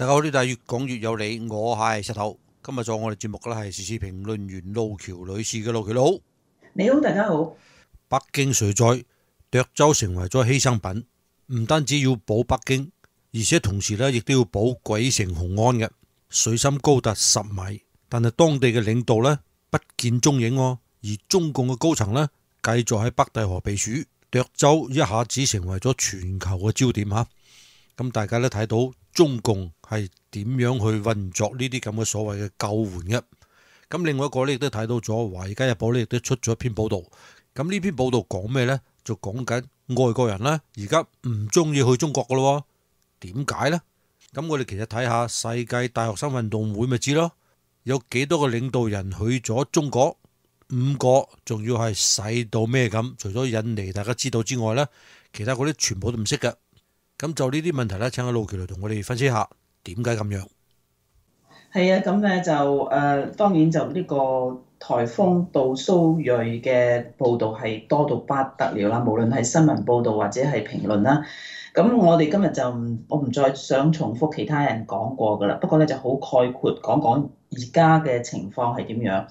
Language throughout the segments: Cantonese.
大家好，呢度越講越有理，我係石頭，今日在我哋節目嘅咧係時事評論員路橋女士嘅路橋佬，你好，大家好。北京水災，涿州成為咗犧牲品，唔單止要保北京，而且同時咧亦都要保鬼城雄安嘅，水深高達十米，但係當地嘅領導咧不見蹤影哦，而中共嘅高層呢，繼續喺北戴河避暑，涿州一下子成為咗全球嘅焦點吓，咁大家咧睇到中共。係點樣去運作呢啲咁嘅所謂嘅救援嘅？咁另外一個咧亦都睇到咗，華爾街日報咧亦都出咗一篇報道。咁呢篇報道講咩咧？就講緊外國人咧而家唔中意去中國噶咯？點解咧？咁我哋其實睇下世界大學生運動會咪知咯，有幾多個領導人去咗中國？五個，仲要係細到咩咁？除咗印尼大家知道之外咧，其他嗰啲全部都唔識嘅。咁就呢啲問題咧，請阿路橋來同我哋分析下。點解咁樣？係啊，咁咧就誒、呃，當然就呢個颱風杜蘇芮嘅報導係多到不得了啦。無論係新聞報導或者係評論啦，咁我哋今日就唔，我唔再想重複其他人講過㗎喇。不過咧就好概括講講而家嘅情況係點樣。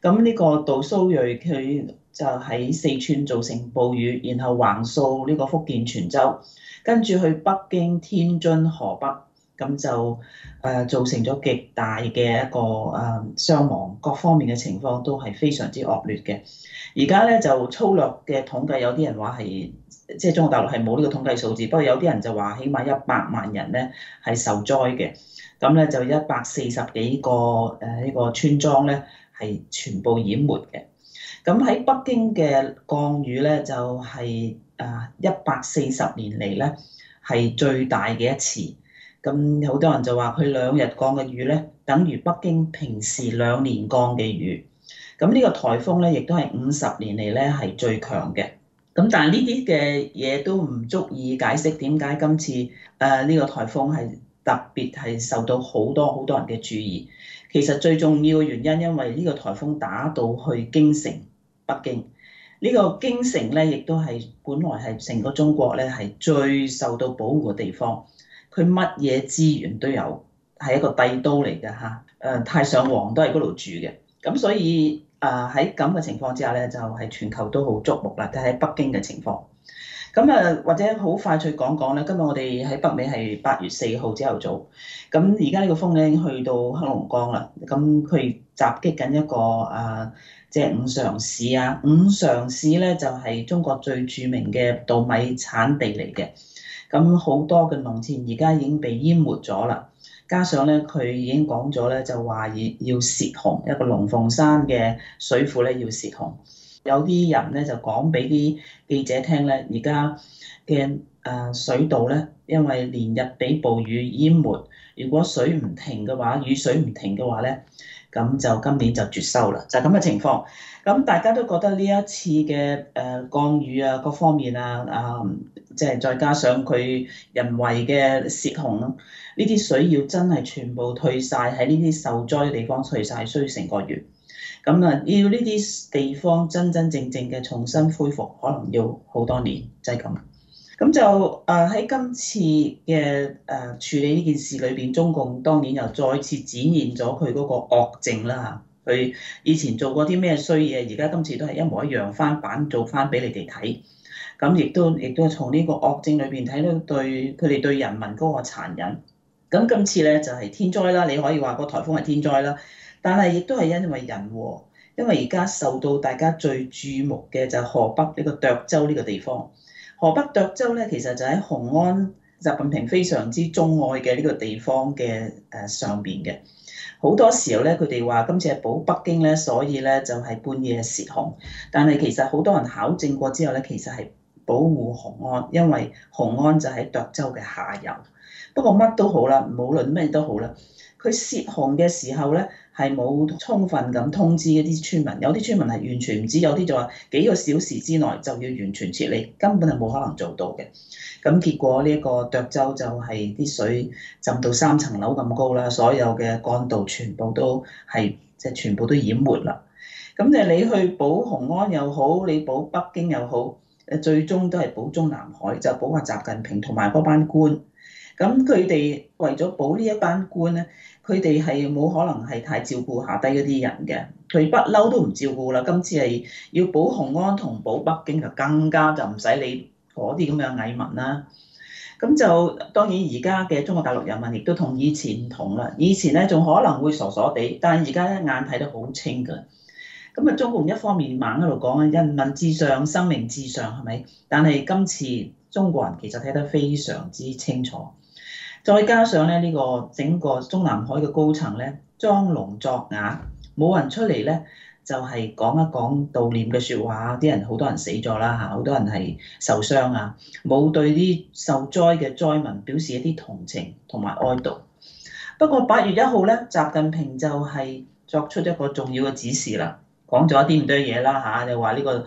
咁呢個杜蘇芮佢就喺四川造成暴雨，然後橫掃呢個福建泉州，跟住去北京、天津、河北。咁就誒造成咗極大嘅一個誒傷亡，各方面嘅情況都係非常之惡劣嘅。而家咧就粗略嘅統計，有啲人話係即係中國大陸係冇呢個統計數字，不過有啲人就話起碼一百萬人咧係受災嘅。咁咧就一百四十幾個誒呢個村莊咧係全部淹沒嘅。咁喺北京嘅降雨咧就係誒一百四十年嚟咧係最大嘅一次。咁好多人就話佢兩日降嘅雨呢，等於北京平時兩年降嘅雨。咁呢個颱風呢，亦都係五十年嚟呢係最強嘅。咁但係呢啲嘅嘢都唔足以解釋點解今次誒呢個颱風係特別係受到好多好多人嘅注意。其實最重要嘅原因，因為呢個颱風打到去京城北京，呢個京城呢，亦都係本來係成個中國呢係最受到保護嘅地方。佢乜嘢資源都有，係一個帝都嚟嘅嚇。誒、啊、太上皇都係嗰度住嘅，咁所以誒喺咁嘅情況之下咧，就係、是、全球都好矚目啦。睇喺北京嘅情況，咁誒、啊、或者好快脆講講咧。今日我哋喺北美係八月四號朝頭早，咁而家呢個風咧去到黑龍江啦，咁佢襲擊緊一個誒即係五常市啊。五常市咧就係、是、中國最著名嘅稻米產地嚟嘅。咁好多嘅農田而家已經被淹沒咗啦，加上咧佢已經講咗咧，就話要要泄洪，一個龍鳳山嘅水庫咧要泄洪。有啲人咧就講俾啲記者聽咧，而家嘅誒水道咧，因為連日俾暴雨淹沒，如果水唔停嘅話，雨水唔停嘅話咧。咁就今年就絕收啦，就咁嘅情況。咁大家都覺得呢一次嘅誒降雨啊，各方面啊，啊，即係再加上佢人為嘅泄洪啦，呢啲水要真係全部退晒喺呢啲受災嘅地方退晒，需要成個月。咁啊，要呢啲地方真真正正嘅重新恢復，可能要好多年，就係咁。咁就誒喺今次嘅誒、呃、處理呢件事裏邊，中共當然又再次展現咗佢嗰個惡政啦。佢以前做過啲咩衰嘢，而家今次都係一模一樣翻版做翻俾你哋睇。咁亦都亦都從呢個惡政裏邊睇到對佢哋對人民嗰個殘忍。咁今次咧就係、是、天災啦，你可以話個颱風係天災啦，但係亦都係因為人禍。因為而家受到大家最注目嘅就係河北呢、這個涿州呢個地方。河北涿州咧，其實就喺雄安，習近平非常之鍾愛嘅呢個地方嘅誒上邊嘅。好多時候咧，佢哋話今次係保北京咧，所以咧就係、是、半夜泄洪。但係其實好多人考證過之後咧，其實係保護雄安，因為雄安就喺涿州嘅下游。不過乜都好啦，無論咩都好啦，佢泄洪嘅時候咧。係冇充分咁通知一啲村民，有啲村民係完全唔知，有啲就話幾個小時之內就要完全撤離，根本係冇可能做到嘅。咁結果呢一個涿州就係啲水浸到三層樓咁高啦，所有嘅幹道全部都係即係全部都淹沒啦。咁就你去保雄安又好，你保北京又好，誒最終都係保中南海，就保下習近平同埋嗰班官。咁佢哋為咗保呢一班官咧？佢哋係冇可能係太照顧下低嗰啲人嘅，佢不嬲都唔照顧啦。今次係要保紅安同保北京，就更加就唔使理嗰啲咁樣蟻民啦。咁、嗯、就當然而家嘅中國大陸人民亦都同以前唔同啦。以前咧仲可能會傻傻地，但係而家一眼睇得好清㗎。咁、嗯、啊，中共一方面猛喺度講啊，人民至上、生命至上係咪？但係今次中國人其實睇得非常之清楚。再加上咧呢、呢個整個中南海嘅高層咧裝聾作啞，冇人出嚟咧就係、是、講一講悼念嘅説話，啲人好多人死咗啦嚇，好多人係受傷啊，冇對啲受災嘅災民表示一啲同情同埋哀悼。不過八月一號咧，習近平就係作出一個重要嘅指示啦，講咗一啲咁多嘢啦嚇，就話呢個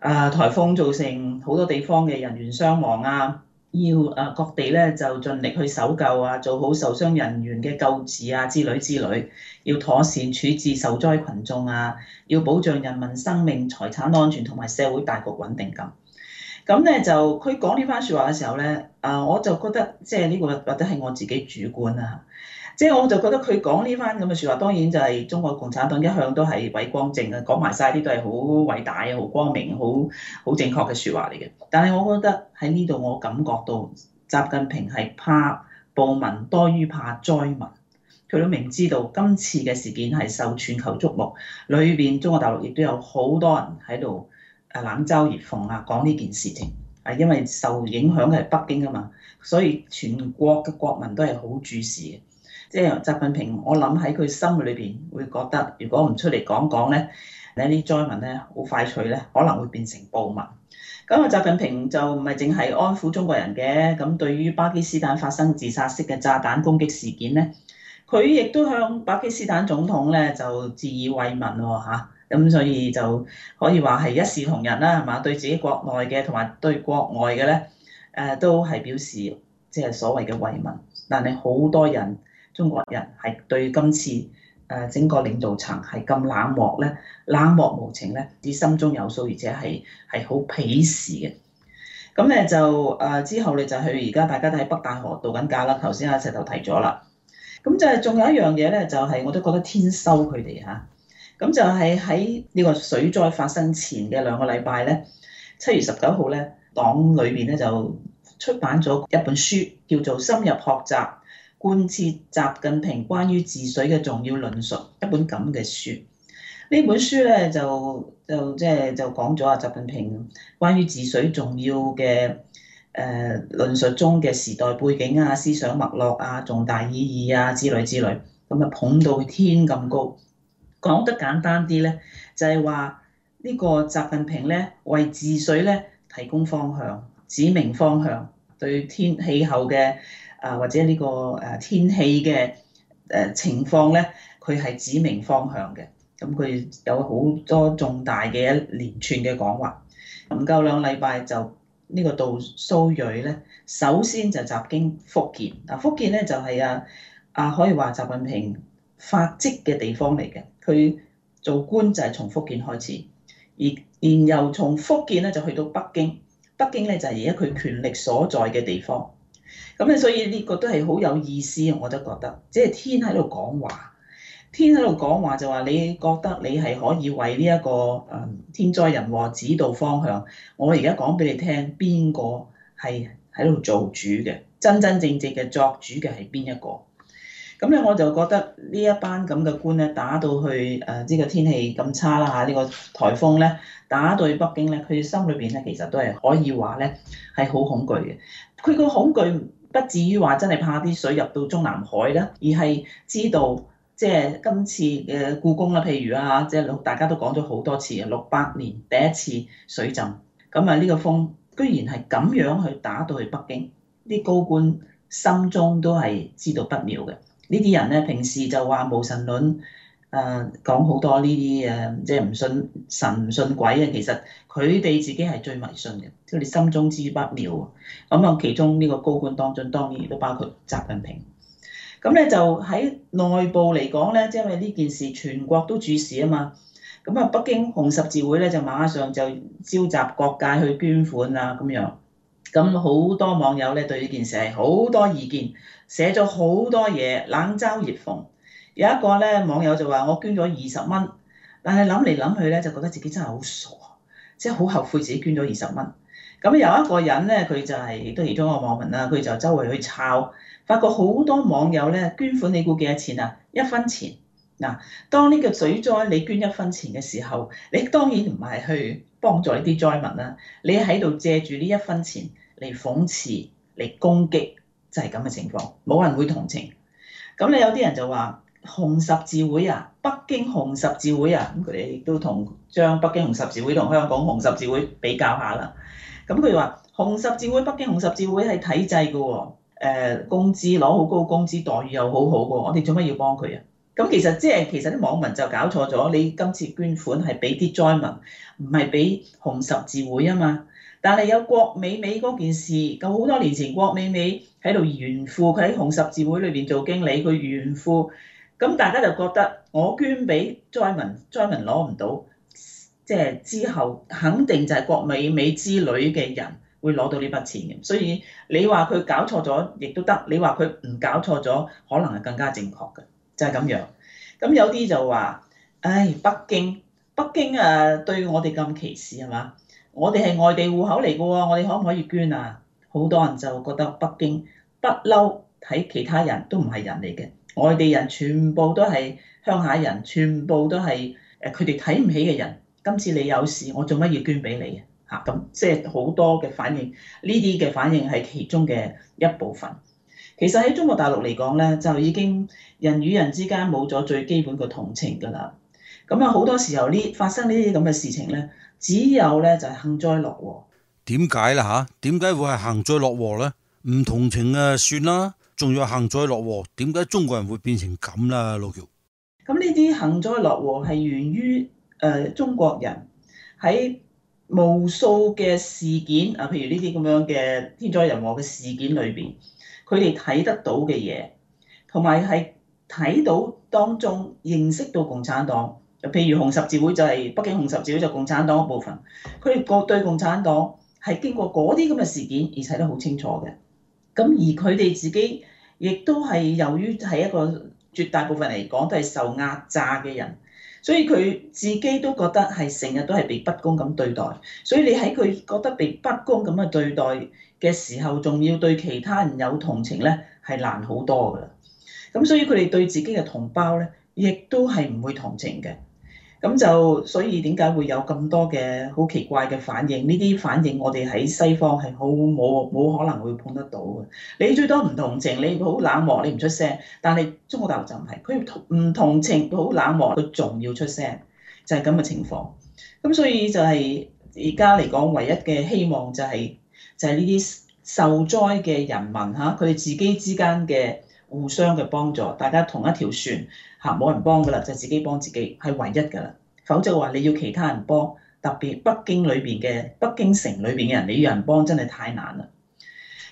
啊颱風造成好多地方嘅人員傷亡啊。要啊各地咧就盡力去搜救啊，做好受傷人員嘅救治啊之類之類，要妥善處置受災群眾啊，要保障人民生命財產安全同埋社會大局穩定咁。咁咧就佢講呢番説話嘅時候咧，啊我就覺得即係呢個或者係我自己主觀啊。即係，我就覺得佢講呢番咁嘅説話，當然就係中國共產黨一向都係偉光正啊，講埋晒啲都係好偉大啊、好光明、好好正確嘅説話嚟嘅。但係我覺得喺呢度，我感覺到習近平係怕暴民多於怕災民。佢都明知道今次嘅事件係受全球矚目，裏邊中國大陸亦都有好多人喺度啊冷嘲熱諷啊講呢件事情，係因為受影響嘅係北京啊嘛，所以全國嘅國民都係好注視嘅。即係習近平，我諗喺佢心裏邊會覺得，如果唔出嚟講講咧，你啲災民咧好快脆咧，可能會變成暴民。咁啊，習近平就唔係淨係安撫中國人嘅，咁對於巴基斯坦發生自殺式嘅炸彈攻擊事件咧，佢亦都向巴基斯坦總統咧就致以慰問喎、哦、咁、啊、所以就可以話係一視同仁啦，係嘛？對自己國內嘅同埋對國外嘅咧，誒、呃、都係表示即係、即係、所謂嘅慰問。但係好多人。中國人係對今次誒整個領導層係咁冷漠咧，冷漠無情咧，至心中有數，而且係係好鄙視嘅。咁咧就誒、啊、之後咧就去而家大家都喺北戴河度緊假啦。頭先阿石頭提咗啦。咁就係仲有一樣嘢咧，就係、是、我都覺得天收佢哋嚇。咁就係喺呢個水災發生前嘅兩個禮拜咧，七月十九號咧，黨裏邊咧就出版咗一本書，叫做《深入學習》。貫徹習近平關於治水嘅重要論述，一本咁嘅書。呢本書咧就就即係就講咗啊，習近平關於治水重要嘅誒、呃、論述中嘅時代背景啊、思想脈絡啊、重大意義啊之類之類，咁啊捧到天咁高。講得簡單啲咧，就係話呢個習近平咧為治水咧提供方向，指明方向。對天氣候嘅啊，或者呢個誒天氣嘅誒情況咧，佢係指明方向嘅。咁佢有好多重大嘅一連串嘅講話，唔夠兩禮拜就、這個、蕊呢個杜蘇芮咧。首先就習經福建，嗱福建咧就係、是、啊啊可以話習近平發跡嘅地方嚟嘅。佢做官就係從福建開始，而然後從福建咧就去到北京。北京咧就係而家佢權力所在嘅地方，咁咧所以呢個都係好有意思，我都覺得，即係天喺度講話，天喺度講話就話你覺得你係可以為呢、這、一個誒、嗯、天災人禍指導方向，我而家講俾你聽，邊個係喺度做主嘅，真真正正嘅作主嘅係邊一個？咁咧，我就覺得呢一班咁嘅官咧，打到去誒呢個天氣咁差啦嚇，呢個颱風咧打到去北京咧，佢心裏邊咧其實都係可以話咧係好恐懼嘅。佢個恐懼不至於話真係怕啲水入到中南海啦，而係知道即係今次誒故宮啦，譬如啊，即係大家都講咗好多次六百年第一次水浸，咁啊呢個風居然係咁樣去打到去北京，啲高官心中都係知道不妙嘅。呢啲人咧，平時就話無神論，誒、啊、講好多呢啲嘢，即係唔信神唔信鬼啊。其實佢哋自己係最迷信嘅，即係你心中之不妙。咁啊，其中呢個高官當中當然都包括習近平。咁咧就喺內部嚟講咧，即係因為呢件事全國都注視啊嘛。咁啊，北京紅十字會咧就馬上就召集各界去捐款啦、啊、咁樣。咁好、嗯嗯、多網友咧對呢件事係好多意見，寫咗好多嘢，冷嘲熱諷。有一個咧網友就話：我捐咗二十蚊，但係諗嚟諗去咧就覺得自己真係好傻，即係好後悔自己捐咗二十蚊。咁有一個人咧，佢就係亦都係其中一個網民啦，佢就周圍去抄，發覺好多網友咧捐款，你估幾多錢啊？一分錢嗱。當呢個水災，你捐一分錢嘅時候，你當然唔係去幫助呢啲災民啦、啊，你喺度借住呢一分錢，嚟諷刺、嚟攻擊，就係咁嘅情況，冇人會同情。咁你有啲人就話紅十字會啊，北京紅十字會啊，咁佢哋亦都同將北京紅十字會同香港紅十字會比較下啦。咁佢哋話紅十字會、北京紅十字會係體制嘅喎、哦呃，工資攞好高，工資待遇又好好喎，我哋做乜要幫佢啊？咁其實即係其實啲網民就搞錯咗，你今次捐款係俾啲災民，唔係俾紅十字會啊嘛。但係有郭美美嗰件事，就好多年前郭美美喺度炫富，佢喺紅十字會裏邊做經理，佢炫富，咁大家就覺得我捐俾災民，災民攞唔到，即係之後肯定就係郭美美之類嘅人會攞到呢筆錢。所以你話佢搞錯咗亦都得，你話佢唔搞錯咗，可能係更加正確嘅，就係咁樣。咁有啲就話，唉，北京，北京啊，對我哋咁歧視係嘛？我哋係外地戶口嚟嘅喎，我哋可唔可以捐啊？好多人就覺得北京不嬲睇其他人都唔係人嚟嘅，外地人全部都係鄉下人，全部都係誒佢哋睇唔起嘅人。今次你有事，我做乜要捐俾你啊？嚇、嗯！咁即係好多嘅反應，呢啲嘅反應係其中嘅一部分。其實喺中國大陸嚟講咧，就已經人與人之間冇咗最基本嘅同情㗎啦。咁啊，好多時候呢發生呢啲咁嘅事情咧。只有咧就係、是、幸災樂禍。點解啦嚇？點解會係幸災樂禍咧？唔同情啊算啦，仲要幸災樂禍。點解中國人會變成咁啦？老橋、嗯，咁呢啲幸災樂禍係源於誒、呃、中國人喺無數嘅事件啊，譬如呢啲咁樣嘅天災人禍嘅事件裏邊，佢哋睇得到嘅嘢，同埋係睇到當中認識到共產黨。譬如紅十字會就係北京紅十字會，就共產黨部分。佢哋個對共產黨係經過嗰啲咁嘅事件而且都好清楚嘅。咁而佢哋自己亦都係由於係一個絕大部分嚟講都係受壓榨嘅人，所以佢自己都覺得係成日都係被不公咁對待。所以你喺佢覺得被不公咁嘅對待嘅時候，仲要對其他人有同情咧，係難好多㗎啦。咁所以佢哋對自己嘅同胞咧，亦都係唔會同情嘅。咁就所以點解會有咁多嘅好奇怪嘅反應？呢啲反應我哋喺西方係好冇冇可能會碰得到嘅。你最多唔同情，你好冷漠，你唔出聲。但係中國大陸就唔係，佢唔同情好冷漠，佢仲要出聲，就係咁嘅情況。咁所以就係而家嚟講，唯一嘅希望就係就係呢啲受災嘅人民嚇，佢哋自己之間嘅互相嘅幫助，大家同一條船。啊冇人幫噶啦，就自己幫自己係唯一噶啦。否則話你要其他人幫，特別北京裏邊嘅北京城裏邊嘅人，你要人幫真係太難啦。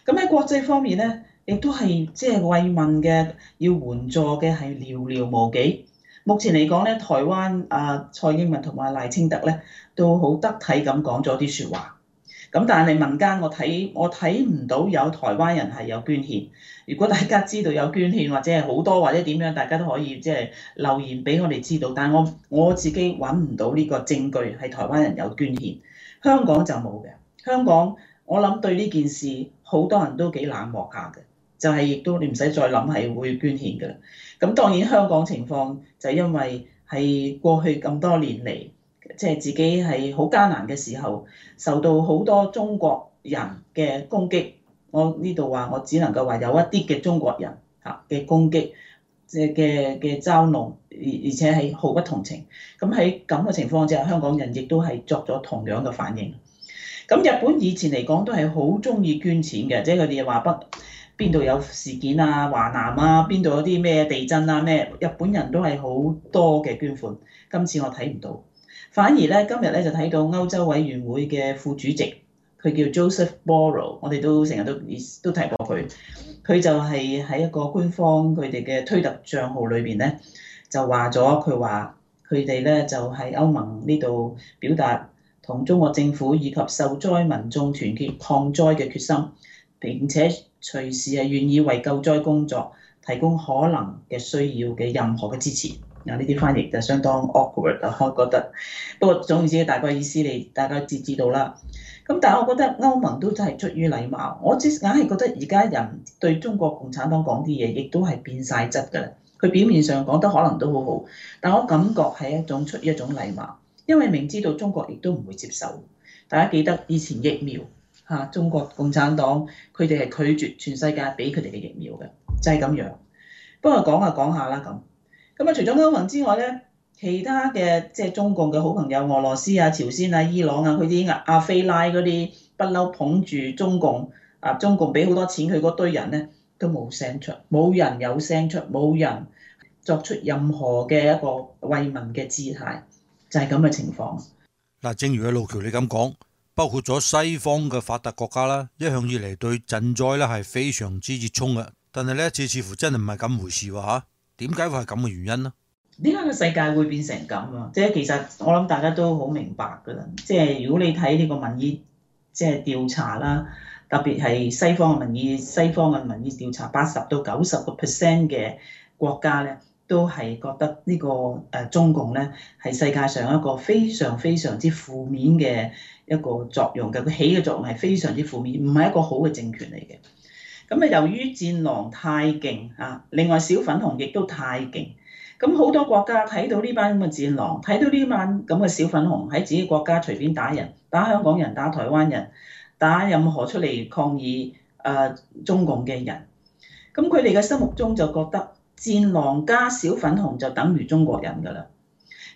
咁喺國際方面咧，亦都係即係慰問嘅，要援助嘅係寥寥無幾。目前嚟講咧，台灣啊，蔡英文同埋賴清德咧都好得體咁講咗啲説話。咁但係民間我睇我睇唔到有台灣人係有捐獻，如果大家知道有捐獻或者係好多或者點樣，大家都可以即係留言俾我哋知道。但係我我自己揾唔到呢個證據係台灣人有捐獻，香港就冇嘅。香港我諗對呢件事好多人都幾冷漠下嘅，就係亦都你唔使再諗係會捐獻㗎啦。咁當然香港情況就因為係過去咁多年嚟。即係自己係好艱難嘅時候，受到好多中國人嘅攻擊。我呢度話，我只能夠話有一啲嘅中國人嚇嘅攻擊，嘅嘅嘅嘲弄，而而且係毫不同情。咁喺咁嘅情況之下，香港人亦都係作咗同樣嘅反應。咁日本以前嚟講都係好鍾意捐錢嘅，即係佢哋話北邊度有事件啊、華南啊，邊度有啲咩地震啊咩，日本人都係好多嘅捐款。今次我睇唔到。反而咧，今日咧就睇到歐洲委員會嘅副主席，佢叫 Joseph Borrell，我哋都成日都都提過佢。佢就係喺一個官方佢哋嘅推特帳號裏邊咧，就話咗佢話，佢哋咧就喺歐盟呢度表達同中國政府以及受災民眾團結抗災嘅決心，並且隨時係願意為救災工作提供可能嘅需要嘅任何嘅支持。有呢啲翻譯就相當 awkward 啊，我覺得。不過總言之，大概意思你大概知知道啦。咁但係我覺得歐盟都真係出於禮貌。我只硬係覺得而家人對中國共產黨講啲嘢，亦都係變晒質㗎啦。佢表面上講得可能都好好，但我感覺係一種出於一種禮貌，因為明知道中國亦都唔會接受。大家記得以前疫苗嚇、啊，中國共產黨佢哋係拒絕全世界俾佢哋嘅疫苗嘅，就係、是、咁樣。不過講下講下啦咁。咁啊！除咗歐盟之外咧，其他嘅即係中共嘅好朋友，俄羅斯啊、朝鮮啊、伊朗啊，佢啲阿亞非拉嗰啲不嬲捧住中共啊，中共俾好多錢，佢嗰堆人咧，都冇聲出，冇人有聲出，冇人作出任何嘅一個慰民嘅姿態，就係咁嘅情況。嗱，正如阿路橋你咁講，包括咗西方嘅發達國家啦，一向以嚟對賑災咧係非常之熱衷嘅，但係呢一次似乎真係唔係咁回事喎嚇。點解會係咁嘅原因呢？點解個世界會變成咁啊！即係其實我諗大家都好明白㗎啦。即係如果你睇呢個民意，即係調查啦，特別係西方嘅民意，西方嘅民意調查八十到九十個 percent 嘅國家咧，都係覺得呢、這個誒、呃、中共咧係世界上一個非常非常之負面嘅一個作用嘅。佢起嘅作用係非常之負面，唔係一個好嘅政權嚟嘅。咁啊，由於戰狼太勁啊，另外小粉紅亦都太勁，咁好多國家睇到呢班咁嘅戰狼，睇到呢班咁嘅小粉紅喺自己國家隨便打人，打香港人、打台灣人、打任何出嚟抗議誒、呃、中共嘅人，咁佢哋嘅心目中就覺得戰狼加小粉紅就等於中國人㗎啦，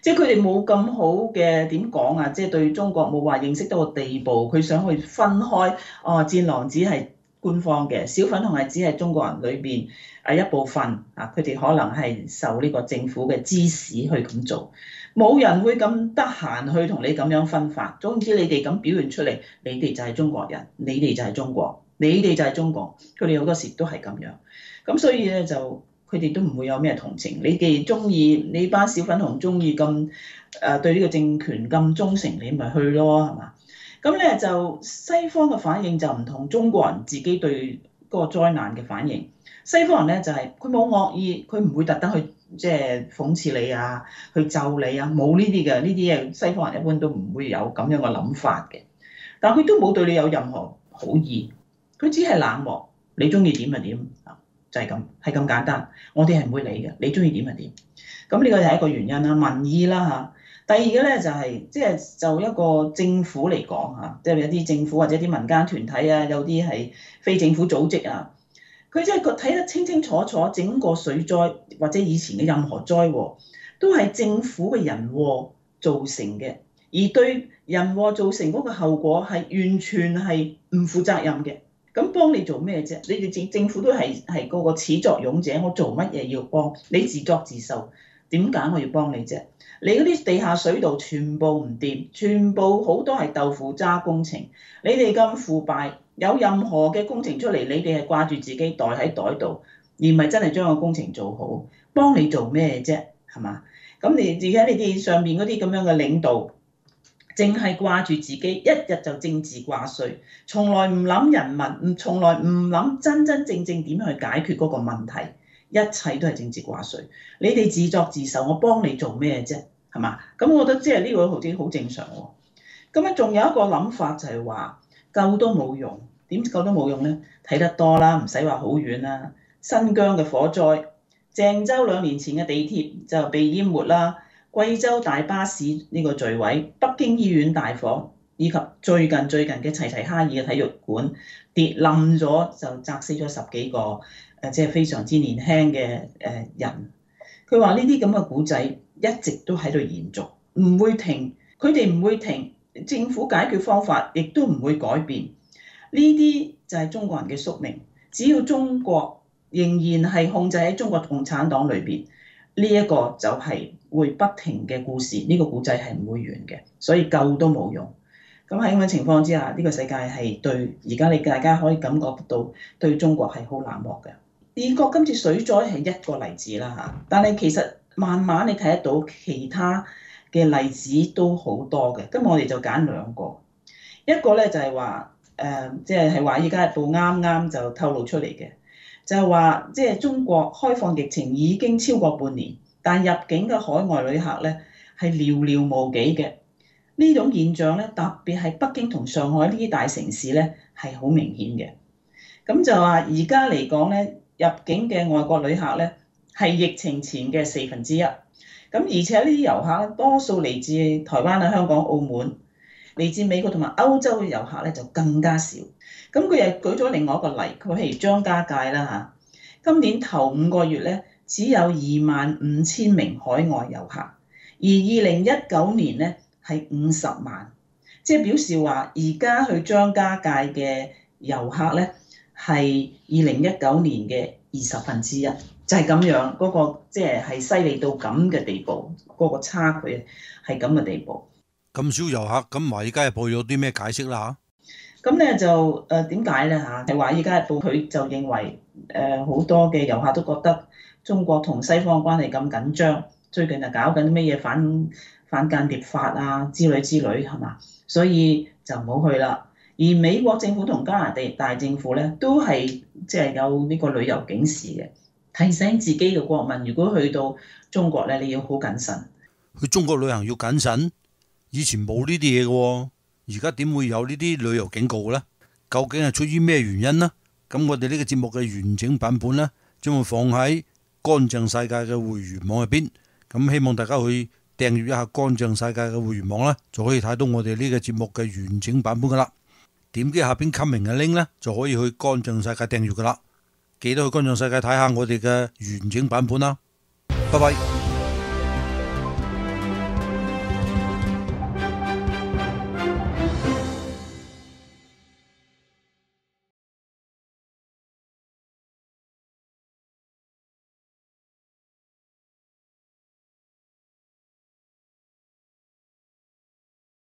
即係佢哋冇咁好嘅點講啊，即係對中國冇話認識到個地步，佢想去分開哦，戰狼只係。官方嘅小粉紅係只係中國人裏邊係一部分啊！佢哋可能係受呢個政府嘅指使去咁做，冇人會咁得閒去同你咁樣分發。總之你哋咁表現出嚟，你哋就係中國人，你哋就係中國，你哋就係中國。佢哋好多時都係咁樣，咁所以咧就佢哋都唔會有咩同情。你既然中意，你班小粉紅中意咁誒對呢個政權咁忠誠，你咪去咯，係嘛？咁咧就西方嘅反應就唔同中國人自己對嗰個災難嘅反應。西方人咧就係佢冇惡意，佢唔會特登去即係、就是、諷刺你啊，去咒你啊，冇呢啲嘅。呢啲嘢西方人一般都唔會有咁樣嘅諗法嘅。但係佢都冇對你有任何好意，佢只係冷漠。你中意點就點啊，就係、是、咁，係咁簡單。我哋係唔會理嘅，你中意點就點。咁呢個就係一個原因啦，民意啦嚇。第二嘅咧就係，即係就一個政府嚟講嚇，即係有啲政府或者啲民間團體啊，有啲係非政府組織啊，佢真係個睇得清清楚楚，整個水災或者以前嘅任何災禍，都係政府嘅人禍造成嘅，而對人禍造成嗰個後果係完全係唔負責任嘅。咁幫你做咩啫？你哋政政府都係係個始作俑者，我做乜嘢要幫你自作自受？點解我要幫你啫？你嗰啲地下水道全部唔掂，全部好多係豆腐渣工程。你哋咁腐敗，有任何嘅工程出嚟，你哋係掛住自己袋喺袋度，而唔係真係將個工程做好。幫你做咩啫？係嘛？咁你而且你哋上面嗰啲咁樣嘅領導，淨係掛住自己，一日就政治掛帥，從來唔諗人民，唔從來唔諗真真正正點樣去解決嗰個問題。一切都係政治掛帥，你哋自作自受，我幫你做咩啫？係嘛？咁我都即係呢個毫子好正常喎、哦。咁咧，仲有一個諗法就係話，救都冇用，點救都冇用咧？睇得多啦，唔使話好遠啦，新疆嘅火災，鄭州兩年前嘅地鐵就被淹沒啦，貴州大巴士呢個墜毀，北京醫院大火，以及最近最近嘅齊齊哈爾嘅體育館跌冧咗，就砸死咗十幾個。誒即係非常之年輕嘅誒人，佢話呢啲咁嘅古仔一直都喺度延續，唔會停，佢哋唔會停，政府解決方法亦都唔會改變。呢啲就係中國人嘅宿命。只要中國仍然係控制喺中國共產黨裏邊，呢一個就係會不停嘅故事，呢個古仔係唔會完嘅，所以救都冇用。咁喺咁嘅情況之下，呢個世界係對而家你大家可以感覺到對中國係好冷漠嘅。美國今次水災係一個例子啦嚇，但係其實慢慢你睇得到其他嘅例子都好多嘅。咁我哋就揀兩個，一個咧就係話誒，即係係話依家日報啱啱就透露出嚟嘅，就係話即係中國開放疫情已經超過半年，但入境嘅海外旅客咧係寥寥無幾嘅。呢種現象咧，特別係北京同上海呢啲大城市咧係好明顯嘅。咁就話而家嚟講咧。入境嘅外國旅客咧，係疫情前嘅四分之一。咁而且呢啲遊客咧，多數嚟自台灣啊、香港、澳門，嚟自美國同埋歐洲嘅遊客咧就更加少。咁佢又舉咗另外一個例，佢譬如張家界啦嚇，今年頭五個月咧，只有二萬五千名海外遊客，而二零一九年咧係五十萬，即係表示話而家去張家界嘅遊客咧。係二零一九年嘅二十分之一，就係、是、咁樣嗰、那個，即係係犀利到咁嘅地步，嗰、這個差距係咁嘅地步。咁少遊客，咁華爾街又報咗啲咩解釋啦？嚇，咁咧就誒點解咧嚇？係話依家報佢就認為誒好、呃、多嘅遊客都覺得中國同西方關係咁緊張，最近就搞緊咩嘢反反間諜法啊之類之類係嘛，所以就唔好去啦。而美國政府同加拿大大政府咧，都係即係有呢個旅遊警示嘅，提醒自己嘅國民，如果去到中國咧，你要好謹慎。去中國旅行要謹慎，以前冇呢啲嘢嘅，而家點會有呢啲旅遊警告咧？究竟係出於咩原因呢？咁我哋呢個節目嘅完整版本咧，將會放喺乾淨世界嘅會員網入邊。咁希望大家去訂閱一下乾淨世界嘅會員網咧，就可以睇到我哋呢個節目嘅完整版本㗎啦。點擊下邊透明嘅 link 咧，就可以去乾淨世界訂閱噶啦。記得去乾淨世界睇下我哋嘅完整版本啦。拜拜。